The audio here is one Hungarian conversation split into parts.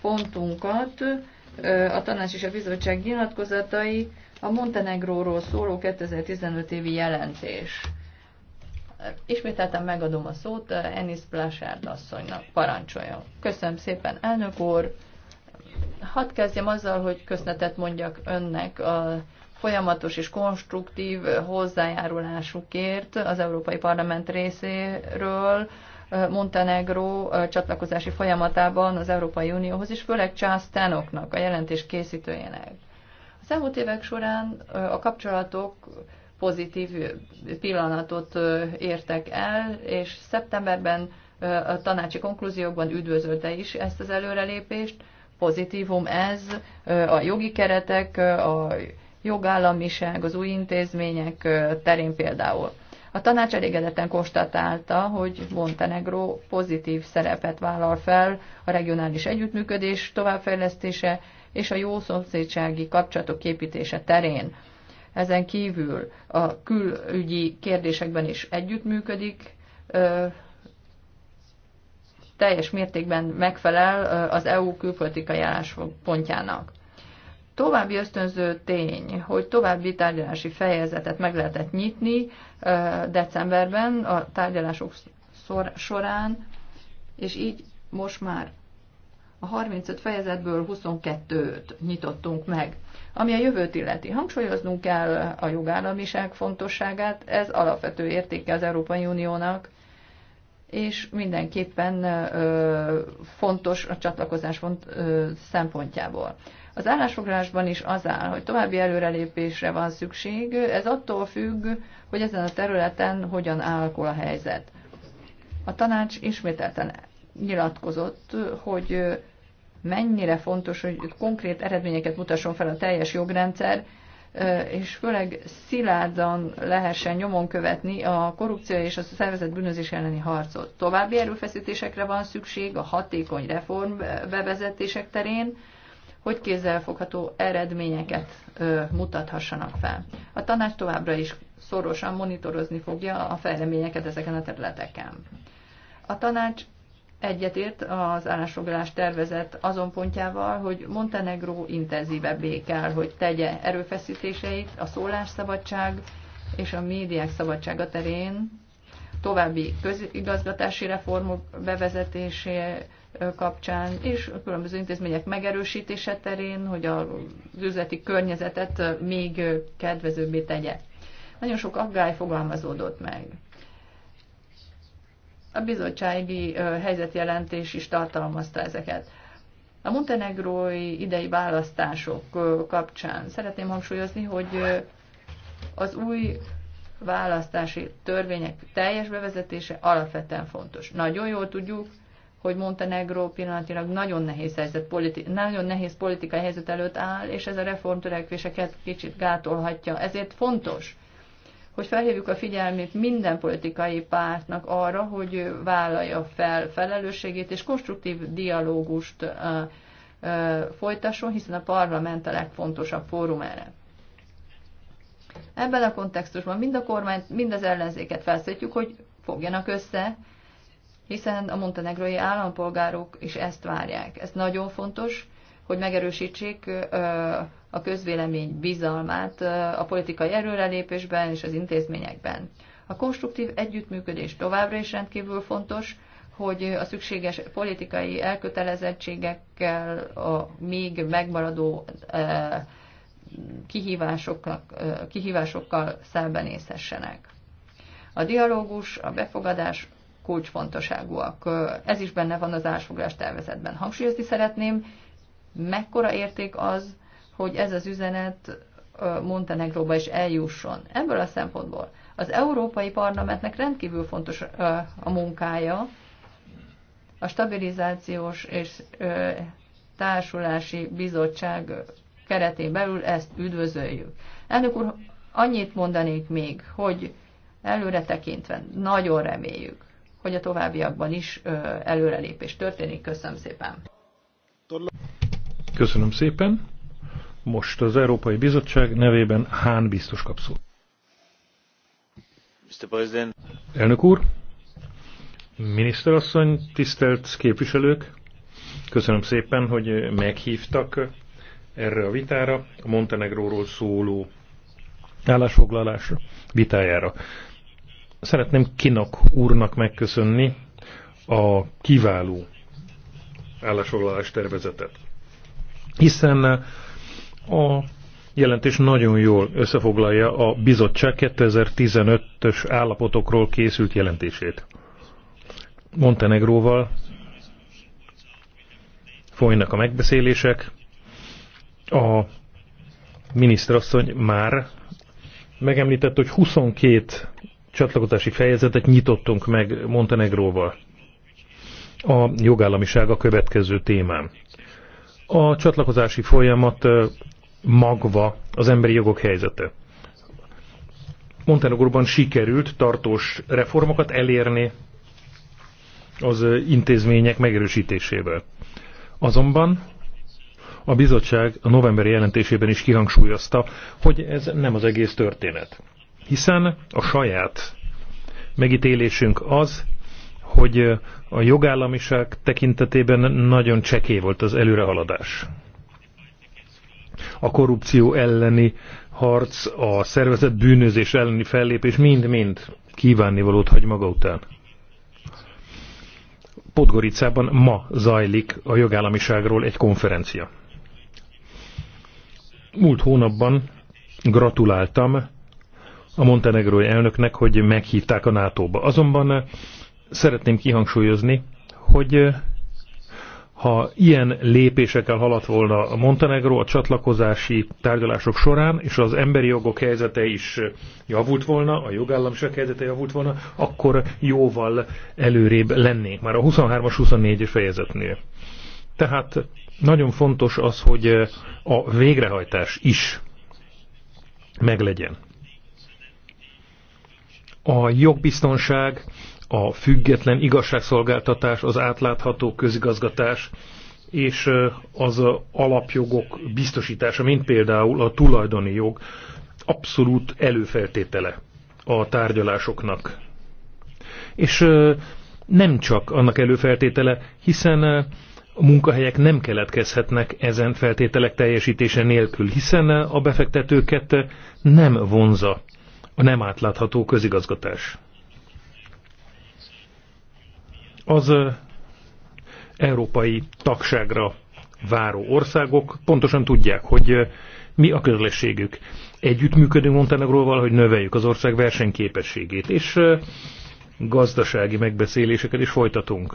pontunkat, a tanács és a bizottság nyilatkozatai, a Montenegróról szóló 2015 évi jelentés. Ismételtem megadom a szót Enis Plasárd asszonynak. Parancsoljon. Köszönöm szépen, elnök úr. Hadd kezdjem azzal, hogy köszönetet mondjak önnek a folyamatos és konstruktív hozzájárulásukért az Európai Parlament részéről Montenegró csatlakozási folyamatában az Európai Unióhoz, és főleg Charles Tanoknak, a jelentés készítőjének. Az elmúlt évek során a kapcsolatok pozitív pillanatot értek el, és szeptemberben a tanácsi konklúziókban üdvözölte is ezt az előrelépést. Pozitívum ez, a jogi keretek, a jogállamiság, az új intézmények terén például. A tanács elégedetten konstatálta, hogy Montenegro pozitív szerepet vállal fel a regionális együttműködés továbbfejlesztése és a jó szomszédsági kapcsolatok képítése terén. Ezen kívül a külügyi kérdésekben is együttműködik, teljes mértékben megfelel az EU külpolitikai álláspontjának. További ösztönző tény, hogy további tárgyalási fejezetet meg lehetett nyitni decemberben a tárgyalások során, és így most már a 35 fejezetből 22-t nyitottunk meg. Ami a jövőt illeti, hangsúlyoznunk kell a jogállamiság fontosságát, ez alapvető értéke az Európai Uniónak, és mindenképpen ö, fontos a csatlakozás font, ö, szempontjából. Az állásfoglalásban is az áll, hogy további előrelépésre van szükség, ez attól függ, hogy ezen a területen hogyan alakul a helyzet. A tanács ismételten nyilatkozott, hogy mennyire fontos, hogy konkrét eredményeket mutasson fel a teljes jogrendszer, és főleg szilárdan lehessen nyomon követni a korrupció és a szervezet bűnözés elleni harcot. További erőfeszítésekre van szükség a hatékony reform bevezetések terén, hogy kézzelfogható eredményeket mutathassanak fel. A tanács továbbra is szorosan monitorozni fogja a fejleményeket ezeken a területeken. A tanács egyetért az állásfoglalás tervezet azon pontjával, hogy Montenegró intenzívebbé kell, hogy tegye erőfeszítéseit a szólásszabadság és a médiák szabadsága terén, további közigazgatási reformok bevezetése kapcsán, és a különböző intézmények megerősítése terén, hogy az üzleti környezetet még kedvezőbbé tegye. Nagyon sok aggály fogalmazódott meg. A bizottsági helyzetjelentés is tartalmazta ezeket. A montenegrói idei választások kapcsán szeretném hangsúlyozni, hogy az új választási törvények teljes bevezetése alapvetően fontos. Nagyon jól tudjuk, hogy Montenegro pillanatilag nagyon nehéz, helyzet, politi- nagyon nehéz politikai helyzet előtt áll, és ez a reformtörekvéseket kicsit gátolhatja. Ezért fontos, hogy felhívjuk a figyelmét minden politikai pártnak arra, hogy vállalja fel felelősségét, és konstruktív dialógust uh, uh, folytasson, hiszen a parlament a legfontosabb fórum erre. Ebben a kontextusban mind a kormányt, mind az ellenzéket felszítjük, hogy fogjanak össze, hiszen a montenegrói állampolgárok is ezt várják. Ez nagyon fontos, hogy megerősítsék a közvélemény bizalmát a politikai erőrelépésben és az intézményekben. A konstruktív együttműködés továbbra is rendkívül fontos, hogy a szükséges politikai elkötelezettségekkel a még megmaradó kihívásokkal szembenézhessenek. A dialógus, a befogadás kulcsfontosságúak. Ez is benne van az ásfoglás tervezetben. Hangsúlyozni szeretném, mekkora érték az, hogy ez az üzenet Montenegróba is eljusson. Ebből a szempontból az Európai Parlamentnek rendkívül fontos a munkája, a stabilizációs és társulási bizottság keretén belül ezt üdvözöljük. Elnök úr, annyit mondanék még, hogy előre tekintve nagyon reméljük, hogy a továbbiakban is előrelépés történik. Köszönöm szépen! Köszönöm szépen! Most az Európai Bizottság nevében Hán biztos szó. Elnök úr, miniszterasszony, tisztelt képviselők, köszönöm szépen, hogy meghívtak erre a vitára, a Montenegróról szóló állásfoglalás vitájára. Szeretném Kinok úrnak megköszönni a kiváló állásfoglalás tervezetet, hiszen a jelentés nagyon jól összefoglalja a bizottság 2015-ös állapotokról készült jelentését. Montenegróval folynak a megbeszélések. A miniszterasszony már megemlített, hogy 22 csatlakozási fejezetet nyitottunk meg Montenegróval. A jogállamiság a következő témám. A csatlakozási folyamat magva az emberi jogok helyzete. Montenegróban sikerült tartós reformokat elérni az intézmények megerősítésével. Azonban a bizottság a novemberi jelentésében is kihangsúlyozta, hogy ez nem az egész történet. Hiszen a saját megítélésünk az, hogy a jogállamiság tekintetében nagyon cseké volt az előrehaladás. A korrupció elleni harc, a szervezet bűnözés elleni fellépés mind-mind kívánnivalót hagy maga után. Podgoricában ma zajlik a jogállamiságról egy konferencia. Múlt hónapban gratuláltam a montenegrói elnöknek, hogy meghívták a NATO-ba. Azonban eh, szeretném kihangsúlyozni, hogy eh, ha ilyen lépésekkel haladt volna a Montenegró a csatlakozási tárgyalások során, és az emberi jogok helyzete is eh, javult volna, a jogállamiság helyzete javult volna, akkor jóval előrébb lennénk már a 23-as, 24-es fejezetnél. Tehát nagyon fontos az, hogy a végrehajtás is meglegyen. A jogbiztonság, a független igazságszolgáltatás, az átlátható közigazgatás és az alapjogok biztosítása, mint például a tulajdoni jog, abszolút előfeltétele a tárgyalásoknak. És nem csak annak előfeltétele, hiszen a munkahelyek nem keletkezhetnek ezen feltételek teljesítése nélkül, hiszen a befektetőket nem vonza a nem átlátható közigazgatás. Az európai tagságra váró országok pontosan tudják, hogy mi a közösségük. Együttműködünk Montenegróval, hogy növeljük az ország versenyképességét, és gazdasági megbeszéléseket is folytatunk.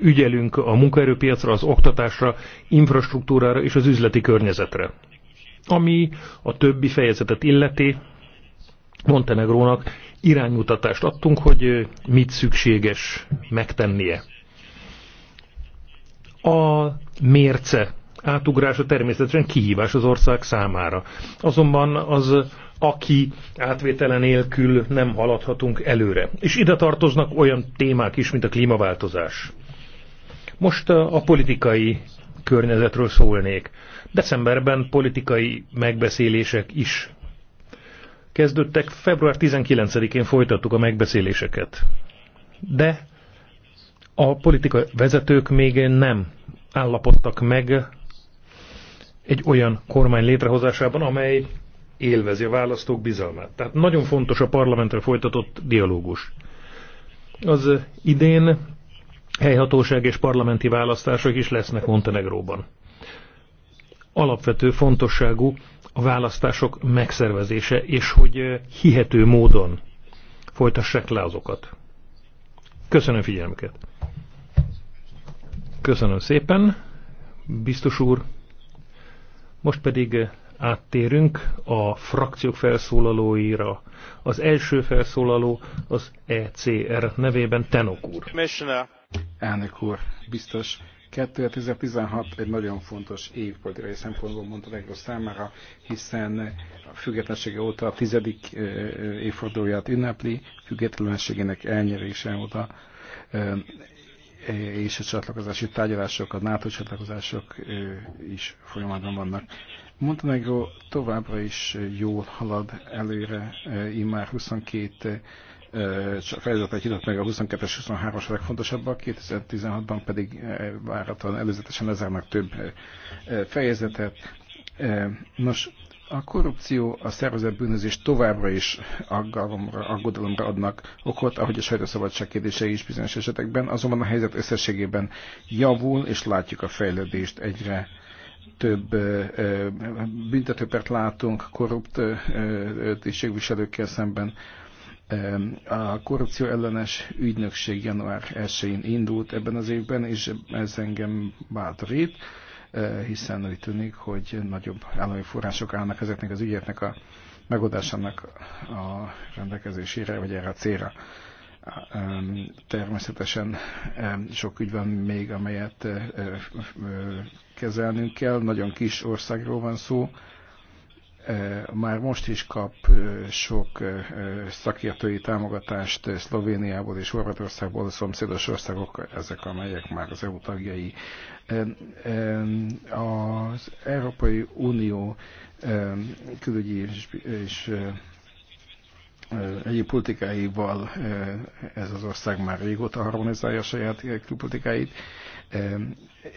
Ügyelünk a munkaerőpiacra, az oktatásra, infrastruktúrára és az üzleti környezetre. Ami a többi fejezetet illeti, Montenegrónak iránymutatást adtunk, hogy mit szükséges megtennie. A mérce átugrása természetesen kihívás az ország számára. Azonban az aki átvétele nélkül nem haladhatunk előre. És ide tartoznak olyan témák is, mint a klímaváltozás. Most a politikai környezetről szólnék. Decemberben politikai megbeszélések is kezdődtek, február 19-én folytattuk a megbeszéléseket. De a politikai vezetők még nem állapodtak meg egy olyan kormány létrehozásában, amely élvezi a választók bizalmát. Tehát nagyon fontos a parlamentre folytatott dialógus. Az idén helyhatóság és parlamenti választások is lesznek Montenegróban. Alapvető fontosságú, a választások megszervezése, és hogy hihető módon folytassák le azokat. Köszönöm figyelmüket! Köszönöm szépen, biztos úr! Most pedig áttérünk a frakciók felszólalóira. Az első felszólaló az ECR nevében Tenok úr. Elnök úr, biztos 2016 egy nagyon fontos év politikai szempontból Montenegro számára, hiszen a függetlensége óta a tizedik évfordulóját ünnepli, függetlenségének elnyerése óta és a csatlakozási tárgyalások, a NATO csatlakozások is folyamatban vannak. Montenegro továbbra is jól halad előre, immár 22 fejezetet nyitott meg a 22-es, 23-as a legfontosabbak, 2016-ban pedig váratlan előzetesen lezárnak több fejezetet. Nos, a korrupció, a szervezett bűnözés továbbra is aggalomra, aggodalomra adnak okot, ahogy a sajtószabadság kérdései is bizonyos esetekben, azonban a helyzet összességében javul, és látjuk a fejlődést egyre több büntetőpert látunk korrupt tisztségviselőkkel szemben, a korrupció ellenes ügynökség január 1-én indult ebben az évben, és ez engem bátorít, eh, hiszen úgy tűnik, hogy nagyobb állami források állnak ezeknek az ügyeknek a megoldásának a rendelkezésére, vagy erre a célra. Természetesen sok ügy van még, amelyet eh, eh, kezelnünk kell. Nagyon kis országról van szó, már most is kap sok szakértői támogatást Szlovéniából és Horvátországból, a szomszédos országok, ezek amelyek már az EU tagjai. Az Európai Unió külügyi és egyéb politikáival ez az ország már régóta harmonizálja saját külpolitikáit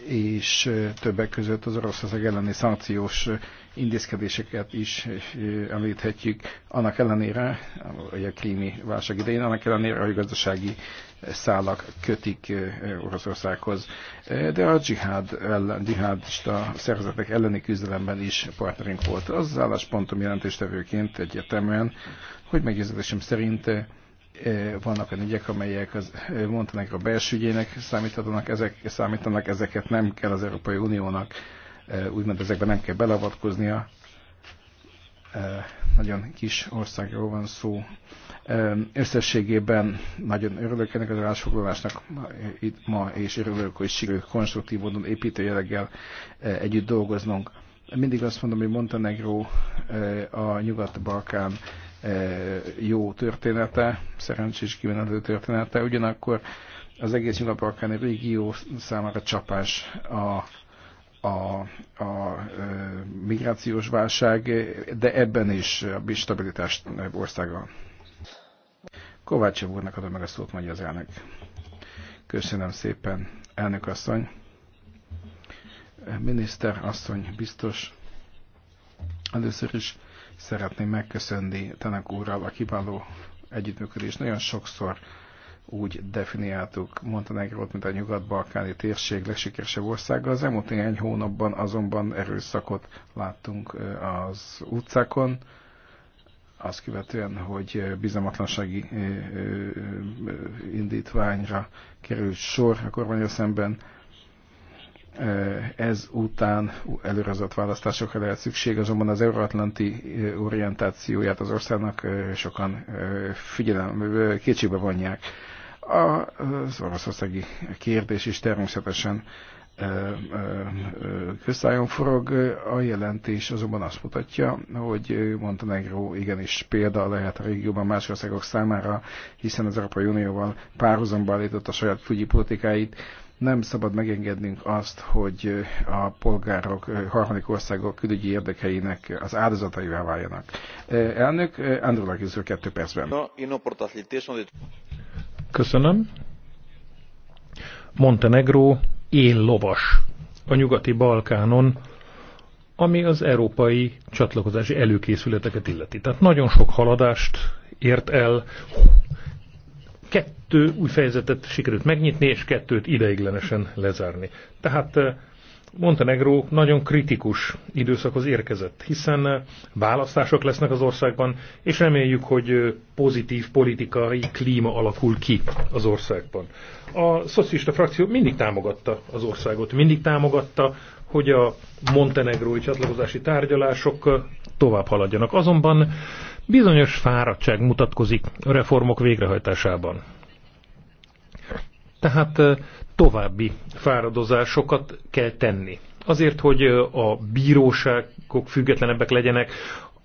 és többek között az Oroszország elleni szankciós intézkedéseket is említhetjük, annak ellenére, vagy a krími válság idején, annak ellenére, hogy gazdasági szálak kötik Oroszországhoz. De a dzsihád ellen, dzsihádista szervezetek elleni küzdelemben is partnerünk volt. Az az álláspontom jelentéstevőként egyértelműen, hogy meggyőződésem szerint Eh, vannak olyan ügyek, amelyek az eh, a belsőgyének számítanak, ezek, számítanak, ezeket nem kell az Európai Uniónak, eh, úgymond ezekben nem kell belavatkoznia. Nagyon kis országról van szó. Összességében nagyon örülök ennek az állásfoglalásnak itt ma, és örülök, hogy sikerült konstruktív módon építő együtt dolgoznunk. Mindig azt mondom, hogy Montenegro a Nyugat-Balkán E, jó története, szerencsés kimenető története, ugyanakkor az egész nyugat-balkáni régió számára csapás a a, a e, migrációs válság, de ebben is a stabilitás országa. Kovács úrnak adom meg a szót, mondja az elnök. Köszönöm szépen, elnök asszony. Miniszter asszony, biztos. Először is szeretném megköszönni Tanak úrral a kiváló együttműködést. Nagyon sokszor úgy definiáltuk Montenegrót, mint a nyugat-balkáni térség legsikeresebb országa. Az elmúlt néhány hónapban azonban erőszakot láttunk az utcákon, azt követően, hogy bizalmatlansági indítványra került sor a kormányra szemben Eh, ez után előrehozott választásokra lehet szükség, azonban az euróatlanti eh, orientációját az országnak eh, sokan figyelem, kétségbe vonják. Az oroszországi kérdés is természetesen köztájon forog. A jelentés azonban azt mutatja, hogy Montenegro igenis példa lehet a régióban más országok számára, hiszen az Európai Unióval párhuzamba állított a saját külügyi Nem szabad megengednünk azt, hogy a polgárok, harmadik országok külügyi érdekeinek az áldozataivá váljanak. Elnök, Andrew Lagiző, kettő percben. Köszönöm. Montenegro lovas a nyugati Balkánon, ami az európai csatlakozási előkészületeket illeti. Tehát nagyon sok haladást ért el, kettő új fejezetet sikerült megnyitni, és kettőt ideiglenesen lezárni. Tehát eh, Montenegró nagyon kritikus időszakhoz érkezett, hiszen eh, választások lesznek az országban, és reméljük, hogy eh, pozitív politikai klíma alakul ki az országban. A szocialista frakció mindig támogatta az országot, mindig támogatta, hogy a montenegrói csatlakozási tárgyalások eh, tovább haladjanak. Azonban bizonyos fáradtság mutatkozik a reformok végrehajtásában. Tehát további fáradozásokat kell tenni. Azért, hogy a bíróságok függetlenebbek legyenek,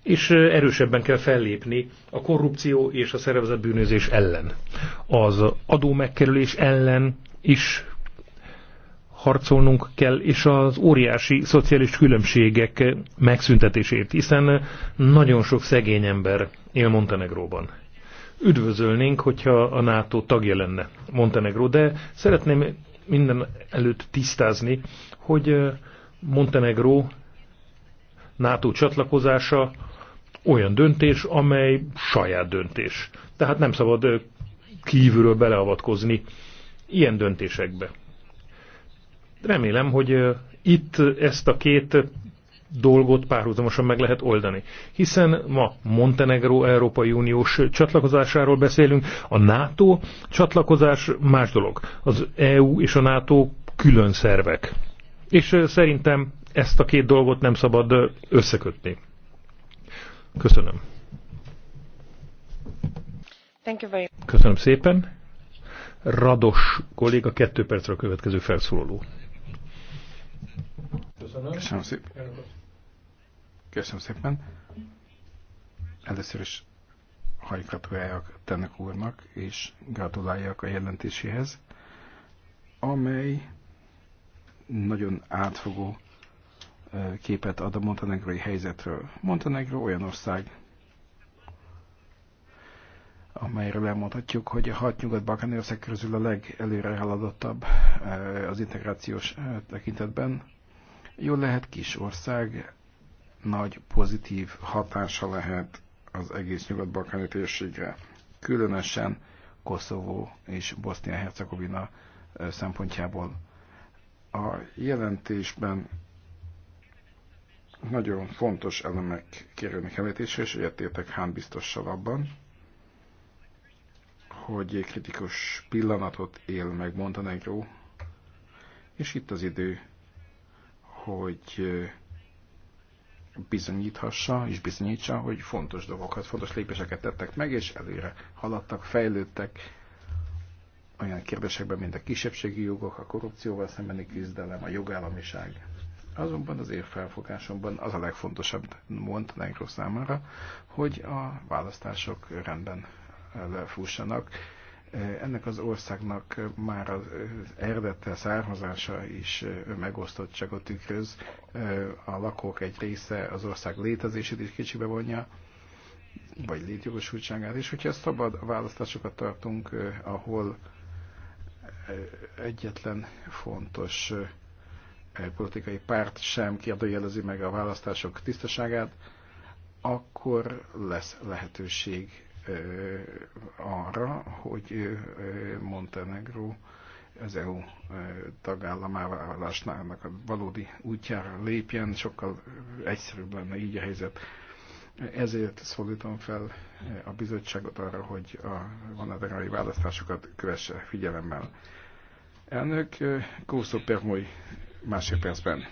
és erősebben kell fellépni a korrupció és a szervezett bűnözés ellen. Az adómegkerülés ellen is harcolnunk kell, és az óriási szociális különbségek megszüntetésért, hiszen nagyon sok szegény ember él Montenegróban üdvözölnénk, hogyha a NATO tagja lenne Montenegro, de szeretném minden előtt tisztázni, hogy Montenegro NATO csatlakozása olyan döntés, amely saját döntés. Tehát nem szabad kívülről beleavatkozni ilyen döntésekbe. Remélem, hogy itt ezt a két dolgot párhuzamosan meg lehet oldani. Hiszen ma Montenegró Európai Uniós csatlakozásáról beszélünk, a NATO csatlakozás más dolog. Az EU és a NATO külön szervek. És szerintem ezt a két dolgot nem szabad összekötni. Köszönöm. Köszönöm szépen. Rados kolléga, kettő percre a következő felszólaló. Köszönöm. Köszönöm szépen. Köszönöm szépen. Először is hagy Tennek úrnak, és gratuláljak a jelentéséhez, amely nagyon átfogó képet ad a montenegrói helyzetről. Montenegró olyan ország, amelyről elmondhatjuk, hogy a hat nyugat-balkáni ország közül a legelőre haladottabb az integrációs tekintetben. Jól lehet kis ország, nagy pozitív hatása lehet az egész nyugat-balkáni térségre, különösen Koszovó és Bosznia-Hercegovina szempontjából. A jelentésben nagyon fontos elemek kerülnek említésre, és egyetértek Hán biztossal abban, hogy kritikus pillanatot él meg Montenegro, és itt az idő, hogy bizonyíthassa és bizonyítsa, hogy fontos dolgokat, fontos lépéseket tettek meg, és előre haladtak, fejlődtek olyan kérdésekben, mint a kisebbségi jogok, a korrupcióval szembeni küzdelem, a jogállamiság. Azonban az én felfogásomban az a legfontosabb Montenegro számára, hogy a választások rendben lefussanak, ennek az országnak már az eredete, származása is megosztottságot tükröz. A lakók egy része az ország létezését is kicsibe vonja, vagy létjogosultságát. És hogyha szabad választásokat tartunk, ahol egyetlen fontos politikai párt sem kérdőjelezi meg a választások tisztaságát, akkor lesz lehetőség arra, hogy Montenegro az EU tagállamává válásnak a valódi útjára lépjen, sokkal egyszerűbb lenne így a helyzet. Ezért szólítom fel a bizottságot arra, hogy a vonaterai választásokat kövesse figyelemmel. Elnök Kószó Permoly másik percben.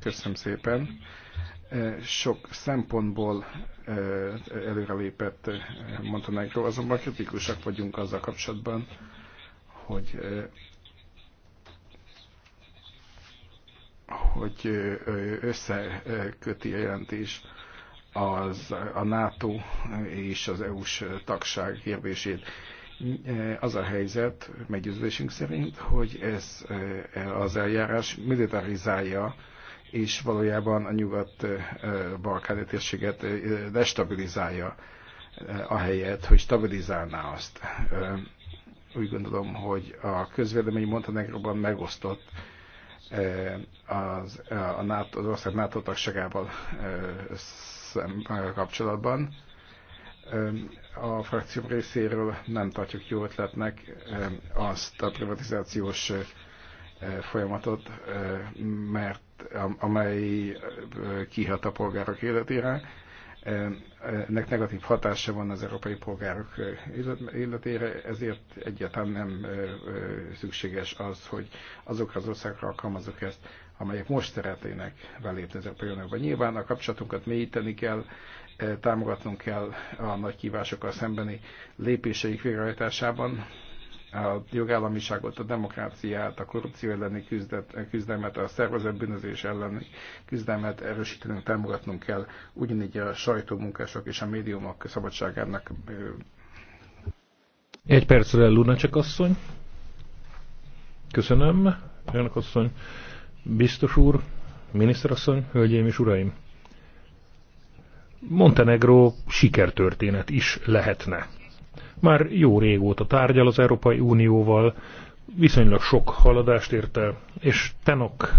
Köszönöm szépen. Eh, sok szempontból eh, előrelépett eh, Montenegro, azonban kritikusak vagyunk azzal kapcsolatban, hogy hogy összeköti a jelentés az, a NATO és az EU-s tagság kérdését. Az a helyzet, meggyőződésünk szerint, hogy ez az eljárás militarizálja és valójában a nyugat-balkáni térséget destabilizálja, a helyet, hogy stabilizálná azt. Úgy gondolom, hogy a közvélemény Montenegróban megosztott az, a NATO, az ország NATO tagságával kapcsolatban. A frakció részéről nem tartjuk jó ötletnek azt a privatizációs folyamatot, mert amely kihat a polgárok életére. Ennek negatív hatása van az európai polgárok életére, ezért egyáltalán nem szükséges az, hogy azokra az országokra alkalmazok ezt, amelyek most szeretnének belépni az Európai Unióba. Nyilván a kapcsolatunkat mélyíteni kell, támogatnunk kell a nagy kívásokkal szembeni lépéseik végrehajtásában, a jogállamiságot, a demokráciát, a korrupció elleni küzdet, küzdelmet, a szervezett bűnözés elleni küzdelmet erősítenünk, támogatnunk kell, ugyanígy a sajtómunkások és a médiumok szabadságának. Egy percre Lunacek asszony. Köszönöm, Önök asszony, biztos úr, miniszterasszony, hölgyeim és uraim. Montenegro sikertörténet is lehetne már jó régóta tárgyal az Európai Unióval, viszonylag sok haladást ért el, és Tenok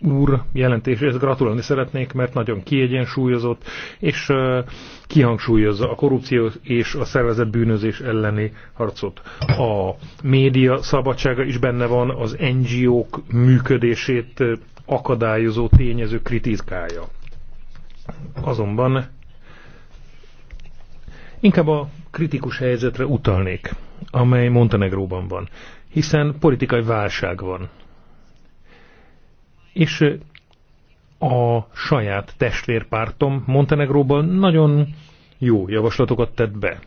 úr jelentéséhez gratulálni szeretnék, mert nagyon kiegyensúlyozott, és kihangsúlyozza a korrupció és a szervezett bűnözés elleni harcot. A média szabadsága is benne van, az NGO-k működését akadályozó tényező kritikája. Azonban Inkább a kritikus helyzetre utalnék, amely Montenegróban van, hiszen politikai válság van. És a saját testvérpártom Montenegróban nagyon jó javaslatokat tett be.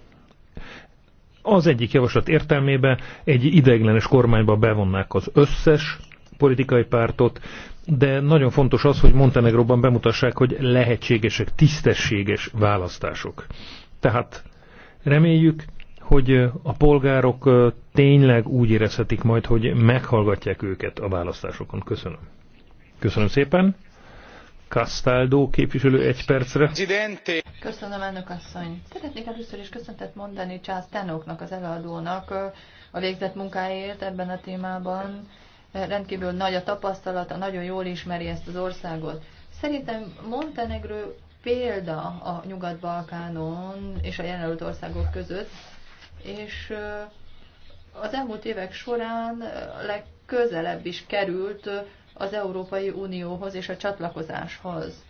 Az egyik javaslat értelmében egy ideiglenes kormányba bevonnák az összes politikai pártot, de nagyon fontos az, hogy Montenegróban bemutassák, hogy lehetségesek tisztességes választások. Tehát reméljük, hogy a polgárok tényleg úgy érezhetik majd, hogy meghallgatják őket a választásokon. Köszönöm. Köszönöm szépen. Castaldo képviselő egy percre. Köszönöm, elnök asszony. Szeretnék először is köszöntet mondani Charles Tenoknak, az előadónak a végzett munkáért ebben a témában. Rendkívül nagy a tapasztalata, nagyon jól ismeri ezt az országot. Szerintem Montenegro példa a Nyugat-Balkánon és a jelenlőtt országok között, és az elmúlt évek során legközelebb is került az Európai Unióhoz és a csatlakozáshoz.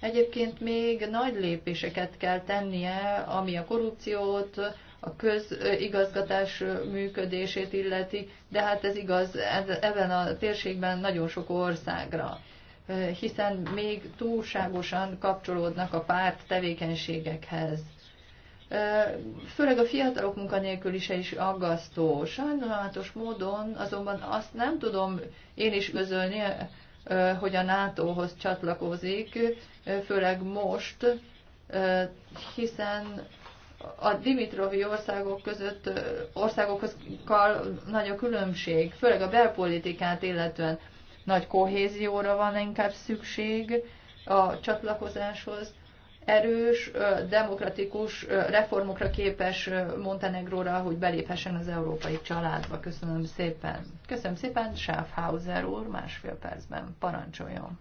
Egyébként még nagy lépéseket kell tennie, ami a korrupciót, a közigazgatás működését illeti, de hát ez igaz e-, ebben a térségben nagyon sok országra hiszen még túlságosan kapcsolódnak a párt tevékenységekhez. Főleg a fiatalok munkanélkülise is aggasztó. Sajnálatos módon azonban azt nem tudom én is közölni, hogy a NATO-hoz csatlakozik, főleg most, hiszen a Dimitrovi országok között országokhoz nagy a különbség, főleg a belpolitikát illetően. Nagy kohézióra van inkább szükség a csatlakozáshoz. Erős, demokratikus, reformokra képes Montenegróra, hogy beléphessen az európai családba. Köszönöm szépen. Köszönöm szépen, Schaffhauser úr, másfél percben parancsoljon.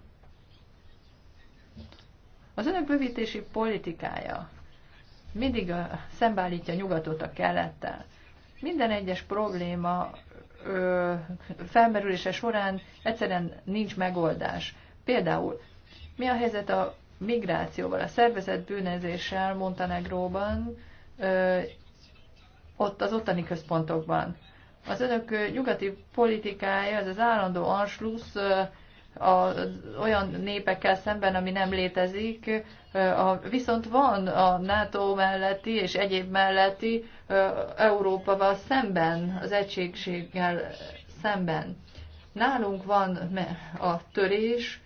Az önök bővítési politikája mindig szembeállítja nyugatot a kelettel. Minden egyes probléma felmerülése során egyszerűen nincs megoldás. Például, mi a helyzet a migrációval, a szervezett bűnözéssel Montenegróban, ott az ottani központokban. Az önök nyugati politikája, ez az állandó ö, a, olyan népekkel szemben, ami nem létezik, a, viszont van a NATO melletti és egyéb melletti Európával szemben, az egységséggel szemben. Nálunk van a törés,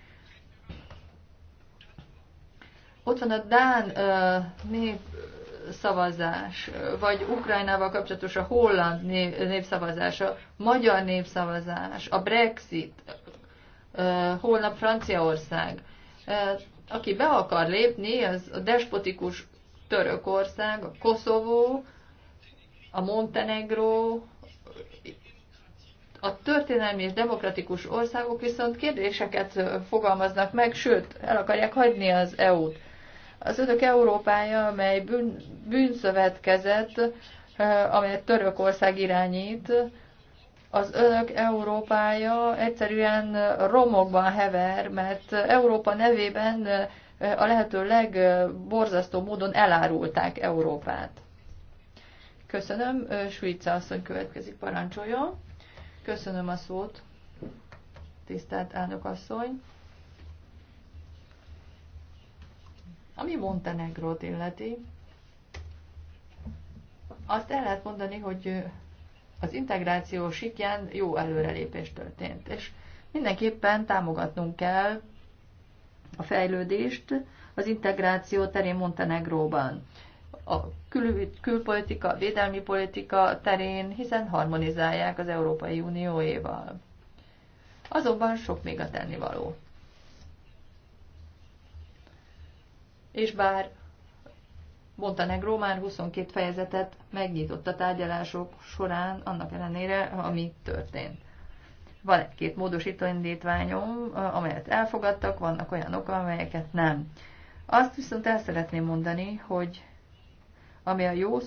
ott van a Dán népszavazás, vagy Ukrajnával kapcsolatos a holland népszavazás, a magyar népszavazás, a Brexit, holnap Franciaország. Aki be akar lépni, az a despotikus Törökország, a Koszovó, a Montenegró, a történelmi és demokratikus országok viszont kérdéseket fogalmaznak meg, sőt, el akarják hagyni az EU-t. Az önök Európája, amely bűn, bűnszövetkezett, amelyet Törökország irányít, az önök Európája egyszerűen romokban hever, mert Európa nevében eh, a lehető legborzasztó módon elárulták Európát. Köszönöm. Svica asszony következik, parancsolja. Köszönöm a szót, tisztelt elnök asszony. Ami Montenegrót illeti, azt el lehet mondani, hogy az integráció sikján jó előrelépés történt, és mindenképpen támogatnunk kell a fejlődést az integráció terén Montenegróban. A kül- külpolitika, a védelmi politika terén, hiszen harmonizálják az Európai Unióéval. Azonban sok még a tennivaló. És bár Montenegro már 22 fejezetet megnyitott a tárgyalások során, annak ellenére, ami történt. Van egy-két módosító indítványom, amelyet elfogadtak, vannak olyanok, amelyeket nem. Azt viszont el szeretném mondani, hogy ami a jó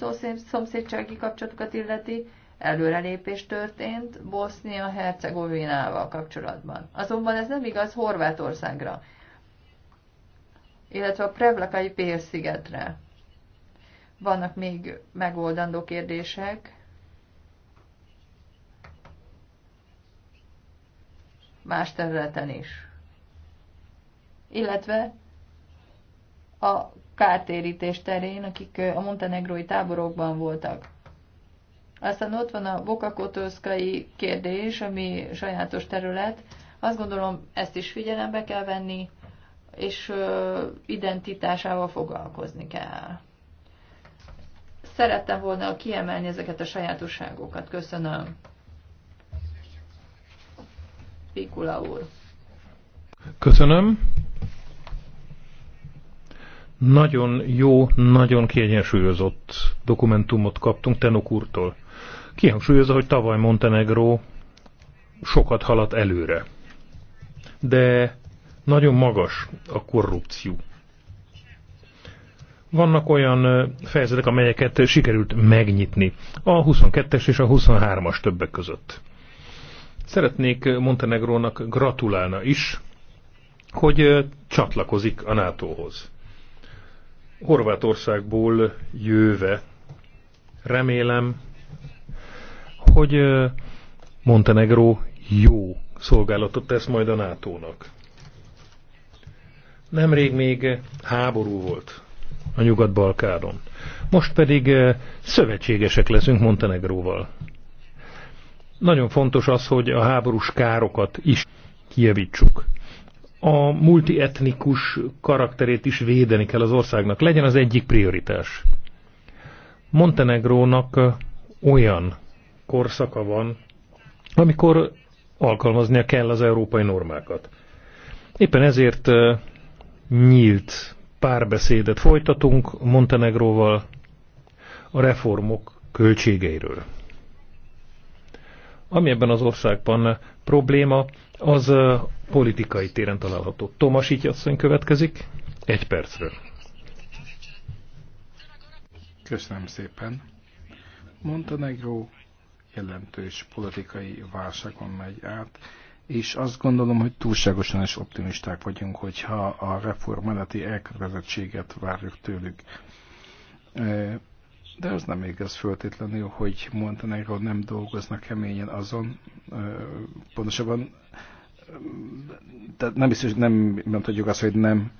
szomszédsági kapcsolatokat illeti, előrelépés történt Bosznia-Hercegovinával kapcsolatban. Azonban ez nem igaz Horvátországra, illetve a Prevlakai Pérszigetre. Vannak még megoldandó kérdések. Más területen is. Illetve a kártérítés terén, akik a montenegrói táborokban voltak. Aztán ott van a bokakotőszkai kérdés, ami sajátos terület. Azt gondolom, ezt is figyelembe kell venni, és identitásával foglalkozni kell. Szerettem volna kiemelni ezeket a sajátosságokat. Köszönöm. Pikula úr. Köszönöm. Nagyon jó, nagyon kiegyensúlyozott dokumentumot kaptunk Tenok úrtól. Kihangsúlyozza, hogy tavaly Montenegró sokat haladt előre. De nagyon magas a korrupció vannak olyan fejezetek, amelyeket sikerült megnyitni. A 22-es és a 23-as többek között. Szeretnék Montenegrónak gratulálna is, hogy csatlakozik a NATO-hoz. Horvátországból jöve remélem, hogy Montenegró jó szolgálatot tesz majd a NATO-nak. Nemrég még háború volt a Nyugat-Balkáron. Most pedig eh, szövetségesek leszünk Montenegróval. Nagyon fontos az, hogy a háborús károkat is kijavítsuk. A multietnikus karakterét is védeni kell az országnak. Legyen az egyik prioritás. Montenegrónak eh, olyan korszaka van, amikor alkalmaznia kell az európai normákat. Éppen ezért eh, nyílt párbeszédet folytatunk Montenegróval a reformok költségeiről. Ami ebben az országban probléma, az politikai téren található. Tomas így asszony következik, egy percről. Köszönöm szépen. Montenegró jelentős politikai válságon megy át és azt gondolom, hogy túlságosan is optimisták vagyunk, hogyha a reform melletti elkötelezettséget várjuk tőlük. E, de az nem igaz föltétlenül, hogy Montenegro nem dolgoznak keményen azon, e, pontosabban e, tehát nem biztos, nem mondhatjuk azt, hogy nem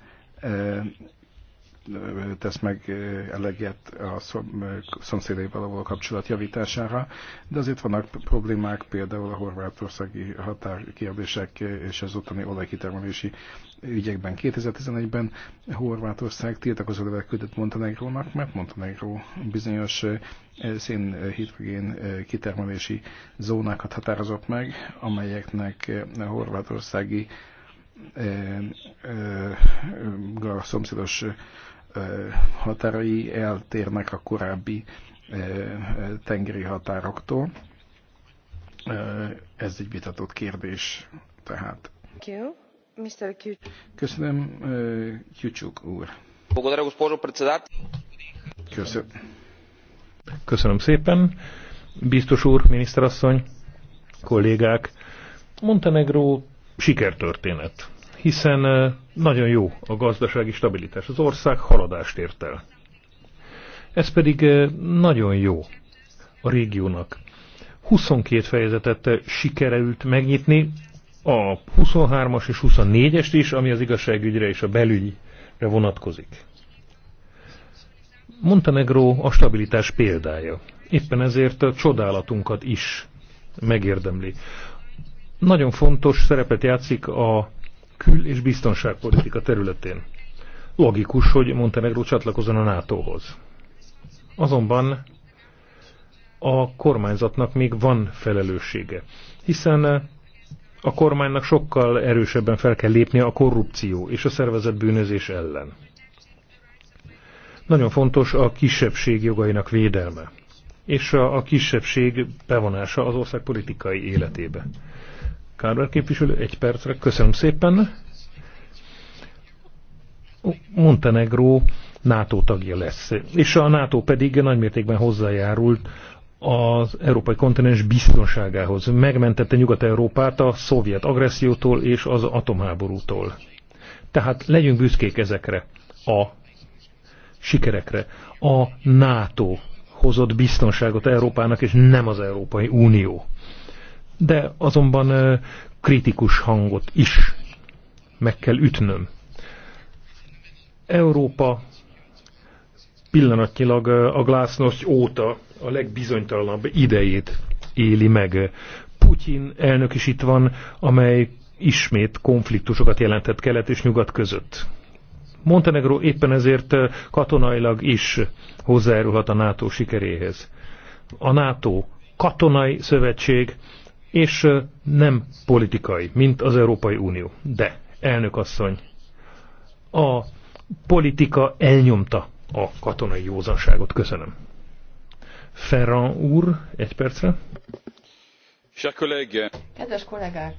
tesz meg eh, eleget a eh, szomszédaival való kapcsolat javítására, de azért vannak problémák, például a horvátországi határkérdések eh, és az ottani olajkitermelési ügyekben. 2011-ben Horvátország tiltakozó levelet küldött Montenegrónak, mert Montenegró bizonyos szénhidrogén kitermelési zónákat határozott meg, amelyeknek a horvátországi a szomszédos határai eltérnek a korábbi tengeri határoktól. Ez egy vitatott kérdés, tehát. Köszönöm, Kyucsuk úr. Köszönöm. Köszönöm szépen. Biztos úr, miniszterasszony, kollégák, Montenegró sikertörténet, hiszen nagyon jó a gazdasági stabilitás. Az ország haladást ért el. Ez pedig nagyon jó a régiónak. 22 fejezetet sikerült megnyitni, a 23-as és 24-est is, ami az igazságügyre és a belügyre vonatkozik. Montenegro a stabilitás példája. Éppen ezért a csodálatunkat is megérdemli nagyon fontos szerepet játszik a kül- és biztonságpolitika területén. Logikus, hogy Montenegro csatlakozon a NATO-hoz. Azonban a kormányzatnak még van felelőssége, hiszen a kormánynak sokkal erősebben fel kell lépnie a korrupció és a szervezett bűnözés ellen. Nagyon fontos a kisebbség jogainak védelme és a kisebbség bevonása az ország politikai életébe. Kárber képviselő, egy percre. Köszönöm szépen. Montenegró NATO tagja lesz, és a NATO pedig nagymértékben hozzájárult az európai kontinens biztonságához. Megmentette Nyugat-Európát a szovjet agressziótól és az atomháborútól. Tehát legyünk büszkék ezekre a sikerekre. A NATO hozott biztonságot Európának, és nem az Európai Unió de azonban kritikus hangot is meg kell ütnöm. Európa pillanatnyilag a glásznosz óta a legbizonytalanabb idejét éli meg. Putyin elnök is itt van, amely ismét konfliktusokat jelentett kelet és nyugat között. Montenegro éppen ezért katonailag is hozzájárulhat a NATO sikeréhez. A NATO katonai szövetség, és nem politikai, mint az Európai Unió. De, elnök asszony, a politika elnyomta a katonai józanságot. Köszönöm. Ferran úr, egy percre. Kedves kollégák!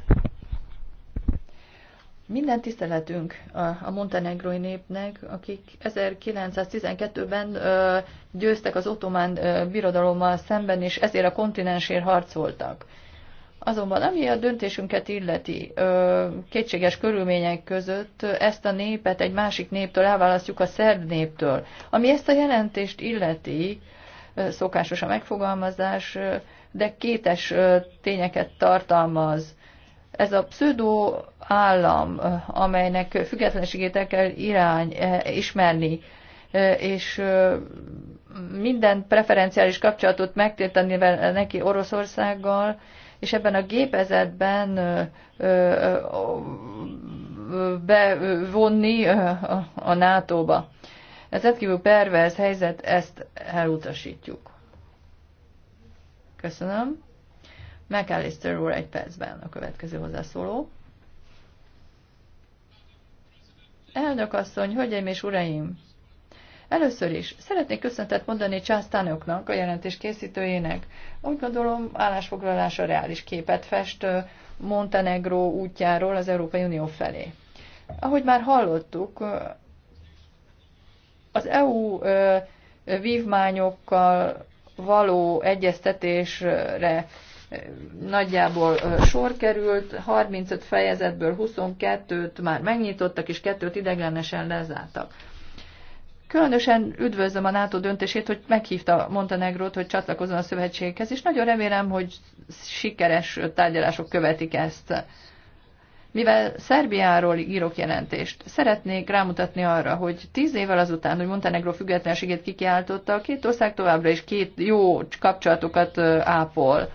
Minden tiszteletünk a, a montenegrói népnek, akik 1912-ben győztek az ottomán ö, birodalommal szemben, és ezért a kontinensért harcoltak. Azonban ami a döntésünket illeti, kétséges körülmények között ezt a népet egy másik néptől elválasztjuk a szerb néptől. Ami ezt a jelentést illeti, szokásos a megfogalmazás, de kétes tényeket tartalmaz. Ez a pseudo állam, amelynek függetlenségét el kell irány, ismerni, és minden preferenciális kapcsolatot megtiltani neki Oroszországgal, és ebben a gépezetben bevonni a NATO-ba. Ez rendkívül pervez helyzet, ezt elutasítjuk. Köszönöm. McAllister úr egy percben a következő hozzászóló. Elnök asszony, hölgyeim és uraim! Először is szeretnék köszöntet mondani Tanoknak, a jelentés készítőjének. Úgy gondolom, állásfoglalása reális képet fest Montenegro útjáról az Európai Unió felé. Ahogy már hallottuk, az EU vívmányokkal való egyeztetésre nagyjából sor került, 35 fejezetből 22-t már megnyitottak, és kettőt ideglenesen lezártak Különösen üdvözlöm a NATO döntését, hogy meghívta Montenegrót, hogy csatlakozzon a szövetséghez, és nagyon remélem, hogy sikeres tárgyalások követik ezt. Mivel Szerbiáról írok jelentést, szeretnék rámutatni arra, hogy tíz évvel azután, hogy Montenegró függetlenségét kikiáltotta, a két ország továbbra is két jó kapcsolatokat ápol.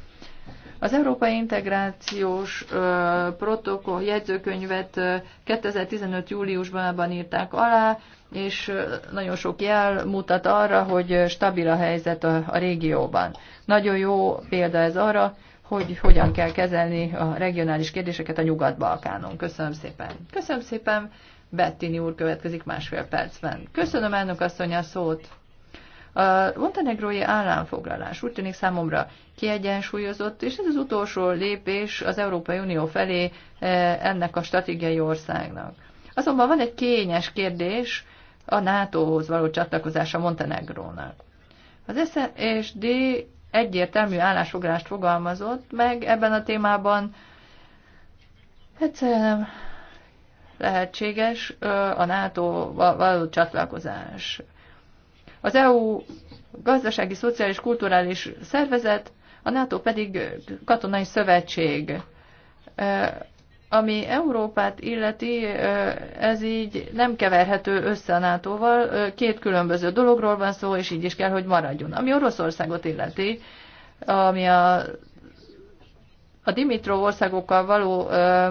Az Európai Integrációs ö, Protokoll jegyzőkönyvet ö, 2015. júliusban írták alá, és nagyon sok jel mutat arra, hogy stabil a helyzet a, a régióban. Nagyon jó példa ez arra, hogy hogyan kell kezelni a regionális kérdéseket a Nyugat-Balkánon. Köszönöm szépen. Köszönöm szépen. Bettini úr következik másfél percben. Köszönöm elnök asszony a szót. A montenegrói államfoglalás úgy tűnik számomra kiegyensúlyozott, és ez az utolsó lépés az Európai Unió felé eh, ennek a stratégiai országnak. Azonban van egy kényes kérdés, a NATO-hoz való csatlakozása Montenegrónál. Az SZSD egyértelmű állásfoglalást fogalmazott meg ebben a témában. Egyszerűen nem lehetséges a NATO való csatlakozás. Az EU gazdasági, szociális, kulturális szervezet, a NATO pedig katonai szövetség. Ami Európát illeti, ez így nem keverhető össze a NATO-val, két különböző dologról van szó, és így is kell, hogy maradjon. Ami Oroszországot illeti, ami a, a Dimitrov országokkal való ö,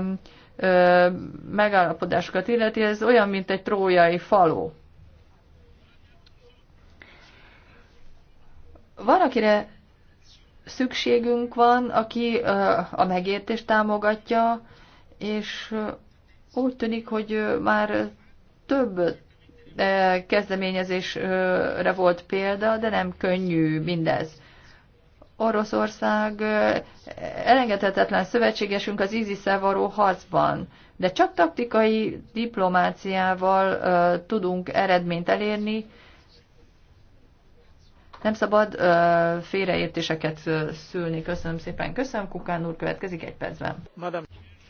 ö, megállapodásokat illeti, ez olyan, mint egy trójai faló. Van, akire szükségünk van, aki ö, a megértést támogatja, és úgy tűnik, hogy már több kezdeményezésre volt példa, de nem könnyű mindez. Oroszország elengedhetetlen szövetségesünk az isis való harcban, de csak taktikai diplomáciával tudunk eredményt elérni, nem szabad félreértéseket szülni. Köszönöm szépen. Köszönöm, Kukán úr, következik egy percben. Madame.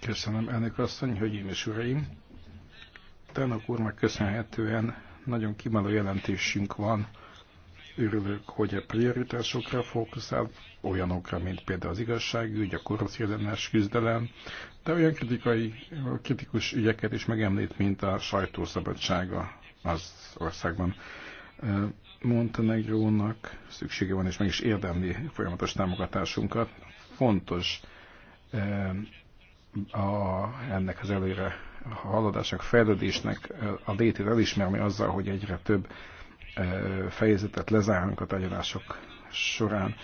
Köszönöm, elnök asszony, hölgyeim és uraim. Tánok úrnak köszönhetően nagyon kiváló jelentésünk van. Örülök, hogy a prioritásokra fókuszál, olyanokra, mint például az igazságügy, a korrupcióellenes küzdelem, de olyan kritikai, kritikus ügyeket is megemlít, mint a sajtószabadsága az országban. Montenegrónak szüksége van, és meg is érdemli folyamatos támogatásunkat. Fontos eh, a, ennek az előre a haladásnak, fejlődésnek a létét elismerni azzal, hogy egyre több fejezetet lezárunk a tárgyalások során.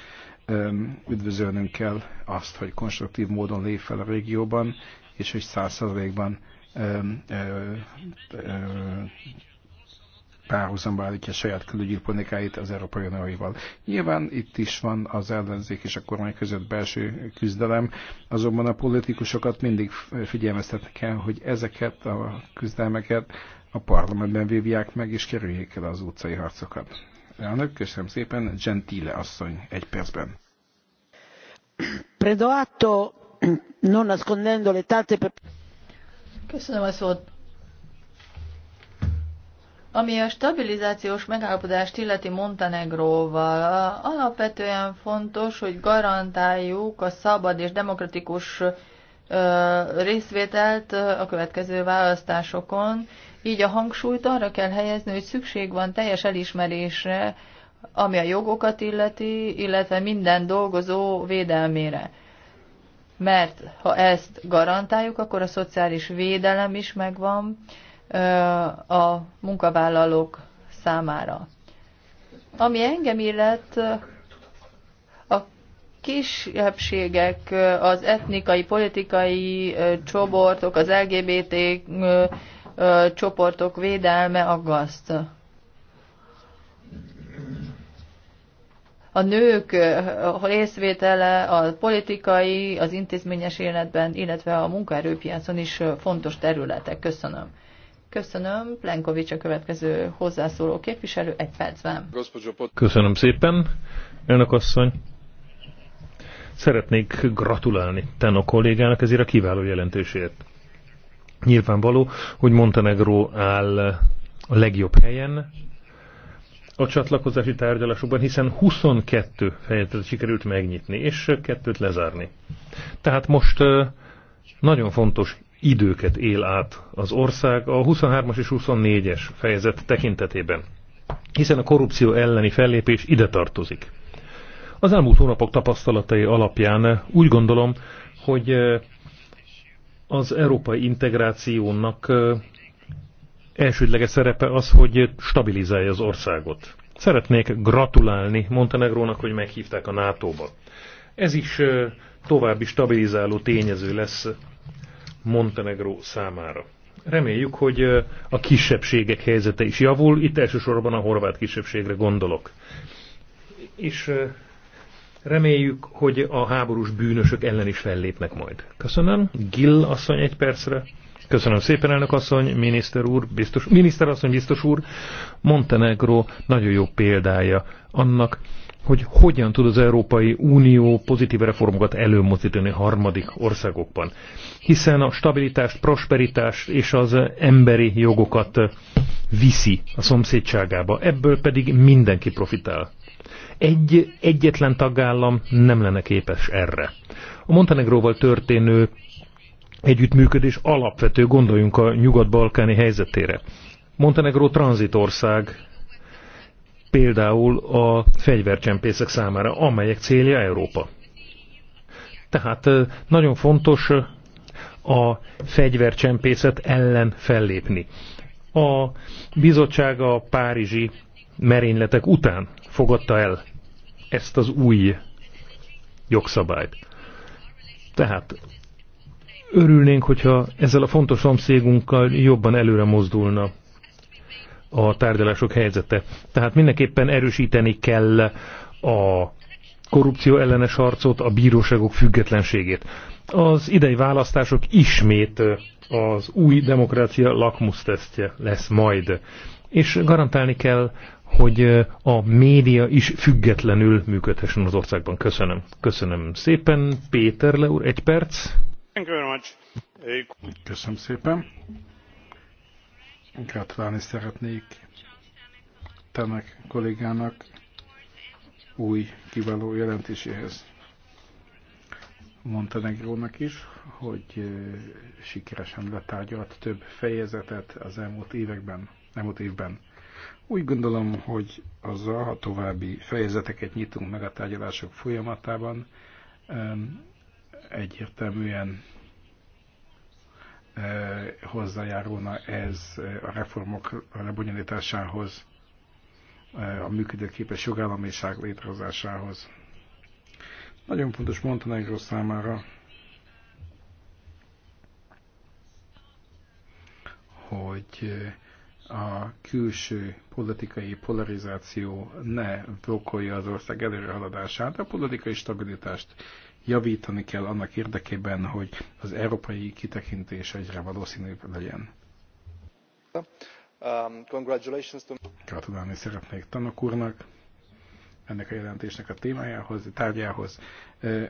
Üdvözölnünk kell azt, hogy konstruktív módon lép fel a régióban, és hogy száz százalékban párhuzamba állítja saját külügyi politikáit az Európai Unióival. Nyilván itt is van az ellenzék és a kormány között belső küzdelem, azonban a politikusokat mindig figyelmeztetni kell, hogy ezeket a küzdelmeket a parlamentben vívják meg, és kerüljék el az utcai harcokat. Elnök, köszönöm szépen, Gentile asszony, egy percben. Predo non nascondendo le tante... Köszönöm a szót ami a stabilizációs megállapodást illeti Montenegróval, alapvetően fontos, hogy garantáljuk a szabad és demokratikus részvételt a következő választásokon. Így a hangsúlyt arra kell helyezni, hogy szükség van teljes elismerésre, ami a jogokat illeti, illetve minden dolgozó védelmére. Mert ha ezt garantáljuk, akkor a szociális védelem is megvan, a munkavállalók számára. Ami engem illet, a kisebbségek, az etnikai, politikai csoportok, az LGBT csoportok védelme aggaszt. A nők részvétele a politikai, az intézményes életben, illetve a munkaerőpiacon is fontos területek. Köszönöm. Köszönöm. Plenkovics a következő hozzászóló képviselő egy percben. Köszönöm szépen, elnök asszony. Szeretnék gratulálni Tenno kollégának ezért a kiváló jelentésért. Nyilvánvaló, hogy Montenegro áll a legjobb helyen a csatlakozási tárgyalásokban, hiszen 22 helyet sikerült megnyitni, és kettőt lezárni. Tehát most nagyon fontos időket él át az ország a 23-as és 24-es fejezet tekintetében, hiszen a korrupció elleni fellépés ide tartozik. Az elmúlt hónapok tapasztalatai alapján úgy gondolom, hogy eh, az európai integrációnak eh, elsődleges szerepe az, hogy stabilizálja az országot. Szeretnék gratulálni Montenegrónak, hogy meghívták a NATO-ba. Ez is eh, további stabilizáló tényező lesz Montenegró számára. Reméljük, hogy a kisebbségek helyzete is javul, itt elsősorban a horvát kisebbségre gondolok. És reméljük, hogy a háborús bűnösök ellen is fellépnek majd. Köszönöm. Gill asszony egy percre. Köszönöm szépen, elnök asszony, miniszter úr, biztos, miniszter asszony, biztos úr. Montenegro nagyon jó példája annak, hogy hogyan tud az Európai Unió pozitív reformokat előmozdítani harmadik országokban. Hiszen a stabilitást, prosperitást és az emberi jogokat viszi a szomszédságába, ebből pedig mindenki profitál. Egy egyetlen tagállam nem lenne képes erre. A Montenegróval történő együttműködés alapvető, gondoljunk a nyugat-balkáni helyzetére. Montenegró tranzitország például a fegyvercsempészek számára, amelyek célja Európa. Tehát nagyon fontos a fegyvercsempészet ellen fellépni. A bizottság a párizsi merényletek után fogadta el ezt az új jogszabályt. Tehát örülnénk, hogyha ezzel a fontos szomszédunkkal jobban előre mozdulna a tárgyalások helyzete. Tehát mindenképpen erősíteni kell a korrupció ellenes harcot, a bíróságok függetlenségét. Az idei választások ismét az új demokrácia lakmusztesztje lesz majd. És garantálni kell, hogy a média is függetlenül működhessen az országban. Köszönöm. Köszönöm szépen. Péter Leur, egy perc. Köszönöm szépen. Gratulálni szeretnék Tanak kollégának új kiváló jelentéséhez. Montenegrónak is, hogy sikeresen letárgyalt több fejezetet az elmúlt években, elmúlt évben. Úgy gondolom, hogy azzal, ha további fejezeteket nyitunk meg a tárgyalások folyamatában, egyértelműen Eh, hozzájárulna ez eh, a reformok lebonyolításához, eh, a működőképes jogállamiság létrehozásához. Nagyon fontos Montenegro számára, hogy a külső politikai polarizáció ne blokkolja az ország előrehaladását, a politikai stabilitást javítani kell annak érdekében, hogy az európai kitekintés egyre valószínűbb legyen. Um, Gratulálni szeretnék tanok úrnak ennek a jelentésnek a témájához, a tárgyához.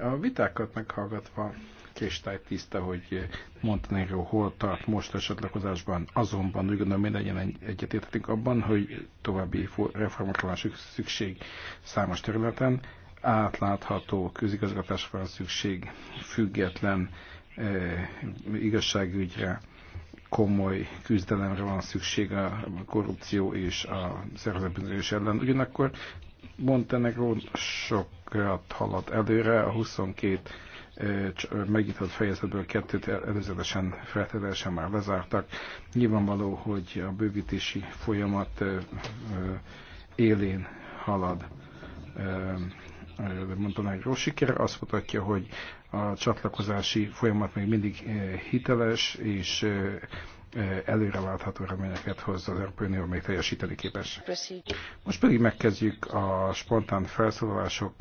A vitákat meghallgatva kristály tiszta, hogy Montenegro hol tart most a csatlakozásban, azonban úgy gondolom mindannyian egyetértünk abban, hogy további reformokra van szükség számos területen átlátható közigazgatásra van szükség, független eh, igazságügyre, komoly küzdelemre van szükség a korrupció és a szervezetbűnözés ellen. Ugyanakkor Montenegro sokat haladt előre, a 22 eh, megnyitott fejezetből kettőt előzetesen feltételesen már lezártak. Nyilvánvaló, hogy a bővítési folyamat eh, élén halad mondanai rossz siker, azt mutatja, hogy a csatlakozási folyamat még mindig eh, hiteles, és eh, eh, előrelátható reményeket hoz az Európai Unió még teljesíteni képes. Most pedig megkezdjük a spontán felszólalások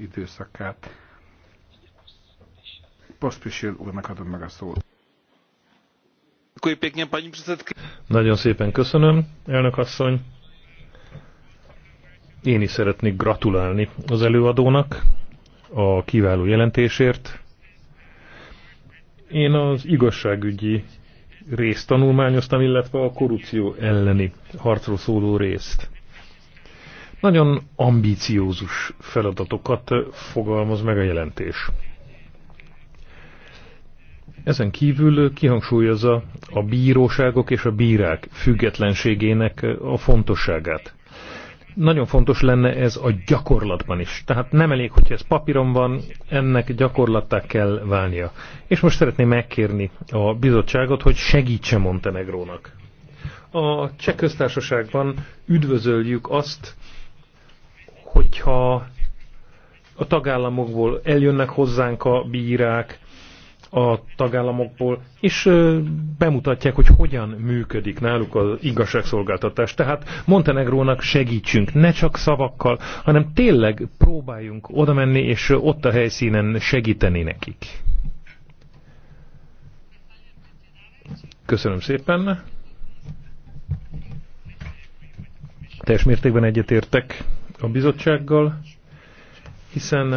időszakát. Pospisil úrnak adom meg a szót. Nagyon szépen köszönöm, elnök asszony. Én is szeretnék gratulálni az előadónak a kiváló jelentésért. Én az igazságügyi részt tanulmányoztam, illetve a korrupció elleni harcról szóló részt. Nagyon ambíciózus feladatokat fogalmaz meg a jelentés. Ezen kívül kihangsúlyozza a bíróságok és a bírák függetlenségének a fontosságát nagyon fontos lenne ez a gyakorlatban is. Tehát nem elég, hogyha ez papíron van, ennek gyakorlattá kell válnia. És most szeretném megkérni a bizottságot, hogy segítse Montenegrónak. A cseh köztársaságban üdvözöljük azt, hogyha a tagállamokból eljönnek hozzánk a bírák, a tagállamokból, és bemutatják, hogy hogyan működik náluk az igazságszolgáltatás. Tehát Montenegrónak segítsünk, ne csak szavakkal, hanem tényleg próbáljunk oda menni, és ott a helyszínen segíteni nekik. Köszönöm szépen. Teljes mértékben egyetértek a bizottsággal, hiszen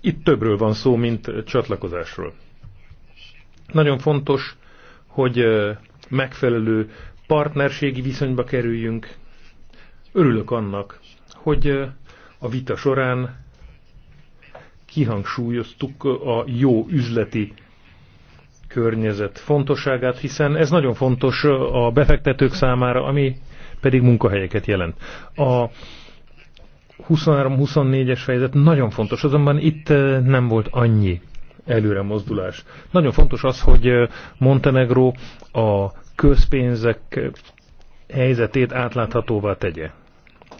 itt többről van szó, mint csatlakozásról. Nagyon fontos, hogy megfelelő partnerségi viszonyba kerüljünk. Örülök annak, hogy a vita során kihangsúlyoztuk a jó üzleti környezet fontosságát, hiszen ez nagyon fontos a befektetők számára, ami pedig munkahelyeket jelent. A 23-24-es fejezet nagyon fontos, azonban itt nem volt annyi előre mozdulás. Nagyon fontos az, hogy Montenegro a közpénzek helyzetét átláthatóvá tegye.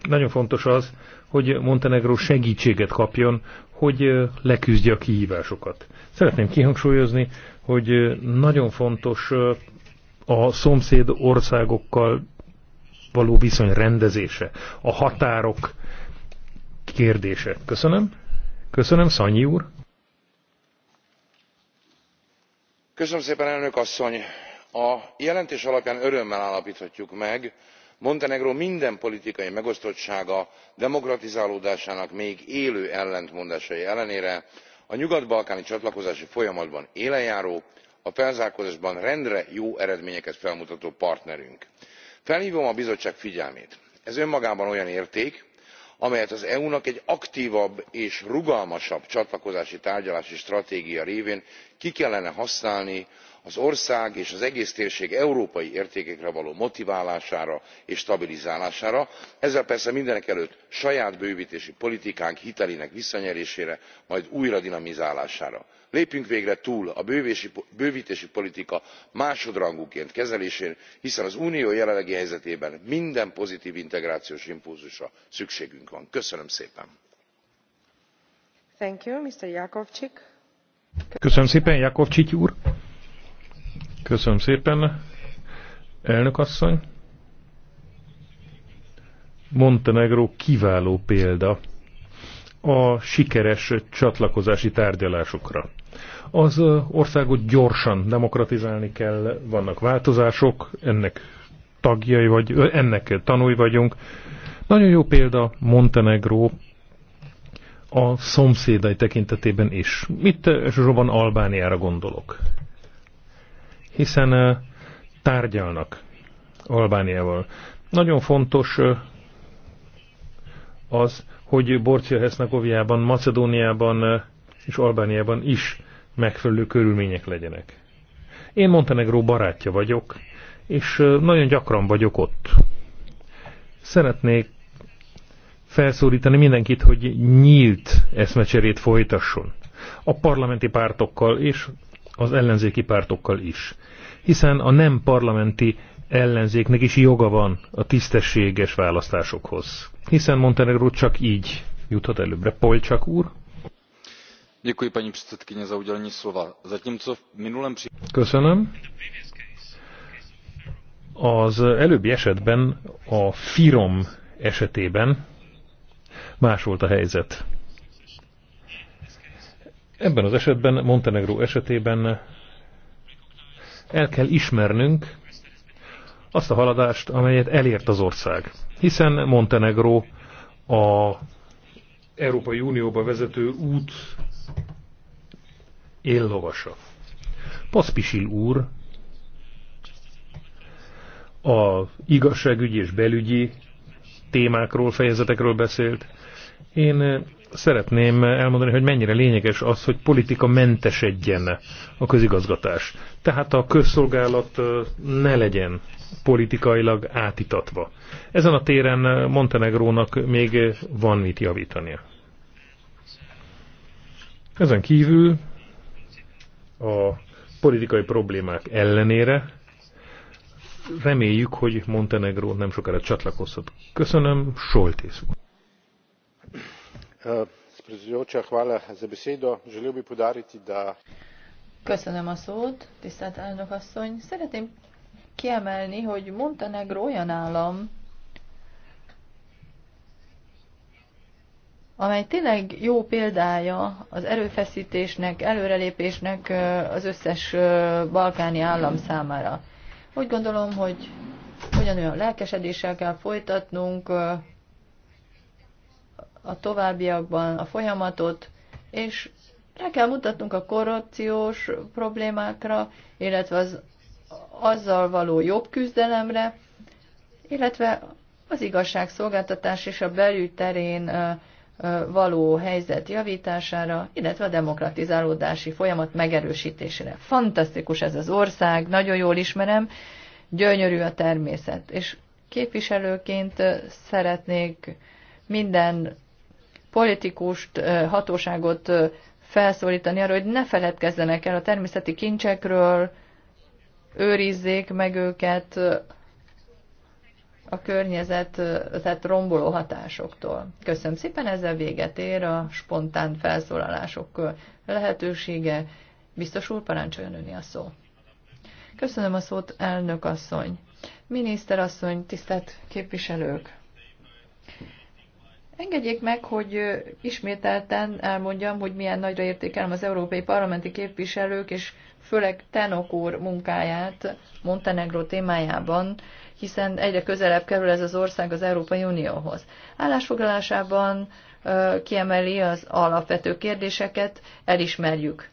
Nagyon fontos az, hogy Montenegro segítséget kapjon, hogy leküzdje a kihívásokat. Szeretném kihangsúlyozni, hogy nagyon fontos a szomszéd országokkal való viszony rendezése, a határok kérdése. Köszönöm. Köszönöm, Szanyi úr. Köszönöm szépen, elnök asszony! A jelentés alapján örömmel állapíthatjuk meg, montenegró minden politikai megosztottsága demokratizálódásának még élő ellentmondásai ellenére a nyugat balkáni csatlakozási folyamatban élenjáró a felzárkózásban rendre jó eredményeket felmutató partnerünk. Felhívom a bizottság figyelmét ez önmagában olyan érték amelyet az eu nak egy aktvabb és rugalmasabb csatlakozási tárgyalási stratégia révén ki kellene használni az ország és az egész térség európai értékekre való motiválására és stabilizálására ezzel persze mindenekelőtt saját bővtési politikánk hitelének visszanyerésére majd újradinamizálására lépjünk végre túl a bővtési politika másodrangúként kezelésén hiszen az unió jelenlegi helyzetében minden pozitv integrációs impulzusra szükségünk van. köszönöm szépen! elnök asszony montenegró kiváló példa a sikeres csatlakozási tárgyalásokra. Az országot gyorsan demokratizálni kell, vannak változások, ennek tagjai vagy, ennek tanúi vagyunk. Nagyon jó példa Montenegró a szomszédai tekintetében is. Mit elsősorban Albániára gondolok. Hiszen tárgyalnak Albániával. Nagyon fontos az, hogy Borcia-Hesznakovjában, Macedóniában eh, és Albániában is megfelelő körülmények legyenek. Én Montenegró barátja vagyok, és eh, nagyon gyakran vagyok ott. Szeretnék felszólítani mindenkit, hogy nyílt eszmecserét folytasson. A parlamenti pártokkal és az ellenzéki pártokkal is. Hiszen a nem parlamenti ellenzéknek is joga van a tisztességes választásokhoz. Hiszen Montenegro csak így juthat előbbre. Polcsak úr. Köszönöm. Az előbbi esetben, a Firom esetében más volt a helyzet. Ebben az esetben, Montenegro esetében el kell ismernünk, azt a haladást, amelyet elért az ország. Hiszen Montenegro a Európai Unióba vezető út éllovasa. Paszpisil úr a igazságügyi és belügyi témákról, fejezetekről beszélt. Én szeretném elmondani, hogy mennyire lényeges az, hogy politika mentesedjen a közigazgatás. Tehát a közszolgálat ne legyen politikailag átitatva. Ezen a téren Montenegrónak még van mit javítania. Ezen kívül a politikai problémák ellenére reméljük, hogy Montenegró nem sokára csatlakozhat. Köszönöm, Soltész úr želel bi poudariti da. köszönöm a szót tisztelt elnök asszony szeretném kiemelni hogy montenegró olyan állam amely tényleg jó példája az erőfeszítésnek, előrelépésnek az összes balkáni állam számára. Úgy gondolom, hogy ugyanolyan lelkesedéssel kell folytatnunk a továbbiakban a folyamatot, és rá kell mutatnunk a korrupciós problémákra, illetve az azzal való jobb küzdelemre, illetve az igazságszolgáltatás és a belügyterén való helyzet javítására, illetve a demokratizálódási folyamat megerősítésére. Fantasztikus ez az ország, nagyon jól ismerem, gyönyörű a természet, és képviselőként szeretnék minden politikust, hatóságot felszólítani arra, hogy ne feledkezzenek el a természeti kincsekről, őrizzék meg őket a környezet, tehát romboló hatásoktól. Köszönöm szépen, ezzel véget ér a spontán felszólalások lehetősége. Biztos úr, parancsoljon önni a szó. Köszönöm a szót, elnök asszony. Miniszter asszony, tisztelt képviselők! Engedjék meg, hogy ismételten elmondjam, hogy milyen nagyra értékelem az európai parlamenti képviselők és főleg Tenok úr munkáját Montenegro témájában, hiszen egyre közelebb kerül ez az ország az Európai Unióhoz. Állásfoglalásában kiemeli az alapvető kérdéseket, elismerjük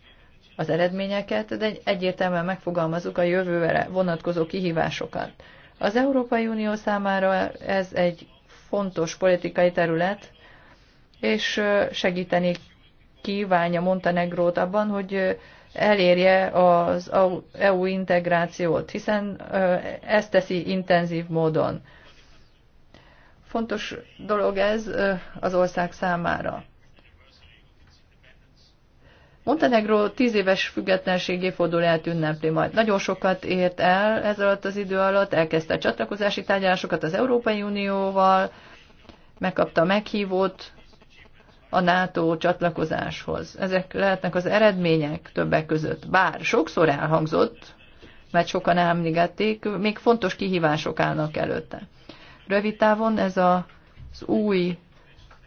az eredményeket, de egyértelműen megfogalmazunk a jövőre vonatkozó kihívásokat. Az Európai Unió számára ez egy fontos politikai terület, és segíteni kívánja Montenegrót abban, hogy elérje az EU integrációt, hiszen ezt teszi intenzív módon. Fontos dolog ez az ország számára. Montenegro tíz éves függetlenségi fordulóját ünnepli majd. Nagyon sokat ért el ez alatt az idő alatt, elkezdte csatlakozási tárgyalásokat az Európai Unióval, megkapta a meghívót a NATO csatlakozáshoz. Ezek lehetnek az eredmények többek között. Bár sokszor elhangzott, mert sokan emlegették, még fontos kihívások állnak előtte. Rövid távon ez a, az új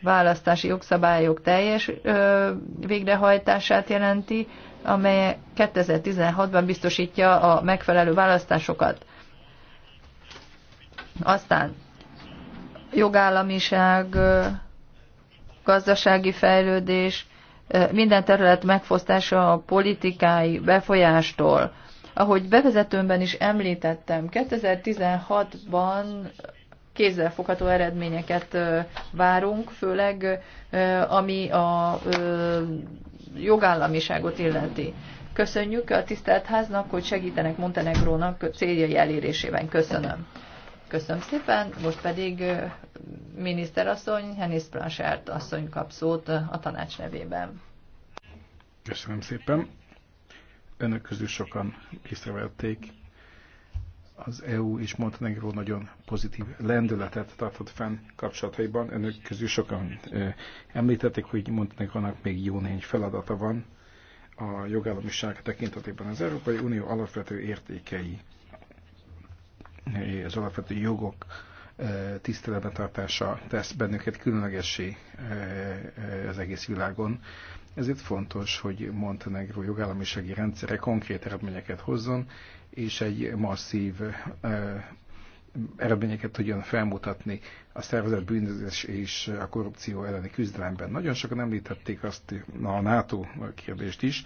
választási jogszabályok teljes végrehajtását jelenti, amely 2016-ban biztosítja a megfelelő választásokat. Aztán jogállamiság, gazdasági fejlődés, minden terület megfosztása a politikai befolyástól. Ahogy bevezetőmben is említettem, 2016-ban kézzelfogható eredményeket várunk, főleg ami a jogállamiságot illeti. Köszönjük a tisztelt háznak, hogy segítenek Montenegrónak céljai elérésében. Köszönöm. Köszönöm szépen, most pedig miniszterasszony, Henis Blanchard asszony kap szót a tanács nevében. Köszönöm szépen. Önök közül sokan észrevették, az EU és Montenegro nagyon pozitív lendületet tartott fenn kapcsolataiban. Önök közül sokan említették, hogy Montenegrónak még jó néhány feladata van a jogállamiság tekintetében. Az Európai Unió alapvető értékei, az alapvető jogok tiszteletben tartása tesz bennünket különlegessé az egész világon. Ezért fontos, hogy Montenegro jogállamisági rendszere konkrét eredményeket hozzon, és egy masszív eredményeket tudjon felmutatni a szervezet bűnözés és a korrupció elleni küzdelemben. Nagyon sokan említették azt a NATO kérdést is,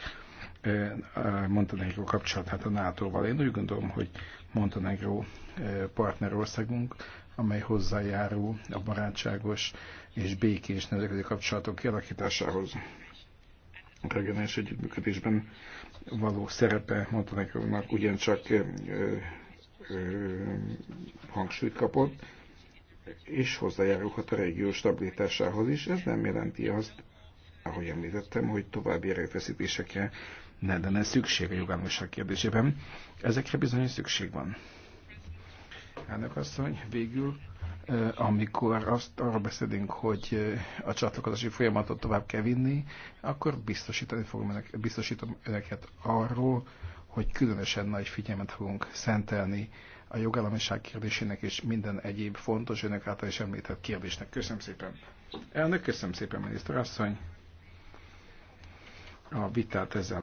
Montenegro kapcsolatát a NATO-val. Én úgy gondolom, hogy Montenegro partnerországunk, amely hozzájárul a barátságos és békés nemzetközi kapcsolatok kialakításához regionális együttműködésben való szerepe Montenegrónak ugyancsak ö, ö, hangsúlyt kapott, és hozzájárulhat a régió stabilitásához is. Ez nem jelenti azt, ahogy említettem, hogy további erőfeszítésekre ne lenne szükség a jogállamiság kérdésében. Ezekre bizony szükség van. Elnök asszony, végül amikor azt arra beszélünk, hogy a csatlakozási folyamatot tovább kell vinni, akkor biztosítani fogom önök, biztosítom önöket arról, hogy különösen nagy figyelmet fogunk szentelni a jogállamiság kérdésének és minden egyéb fontos önök által is említett kérdésnek. Köszönöm szépen. Elnök, köszönöm szépen, miniszterasszony. A vitát ezzel